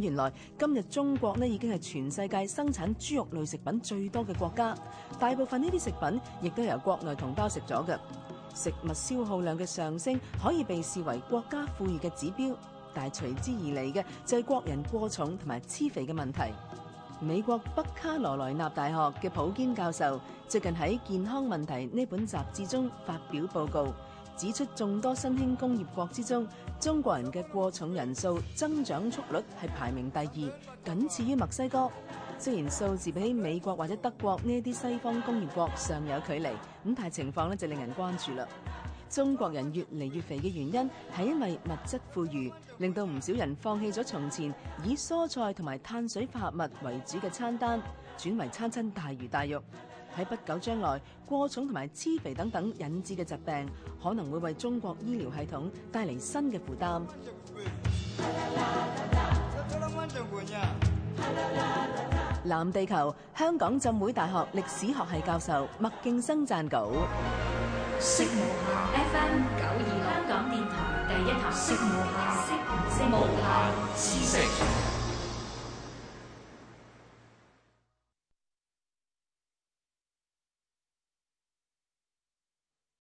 原來今日中國呢已經係全世界生產豬肉類食品最多嘅國家，大部分呢啲食品亦都由國內同胞食咗嘅。食物消耗量嘅上升可以被視為國家富裕嘅指標，但係隨之而嚟嘅就係國人過重同埋黐肥嘅問題。美國北卡羅來納大學嘅普堅教授最近喺《健康問題》呢本雜誌中發表報告。指出，眾多新興工業國之中，中國人嘅過重人數增長速率係排名第二，僅次於墨西哥。雖然數字比起美國或者德國呢啲西方工業國尚有距離，但係情況咧就令人關注啦。中國人越嚟越肥嘅原因係因為物質富裕，令到唔少人放棄咗從前以蔬菜同埋碳水化合物為主嘅餐單，轉為餐餐大魚大肉。喺不久將來，過重同埋癡肥等等引致嘅疾病，可能會為中國醫療系統帶嚟新嘅負擔。藍地球，香港浸會大學歷史學系教授麥勁生撰稿。食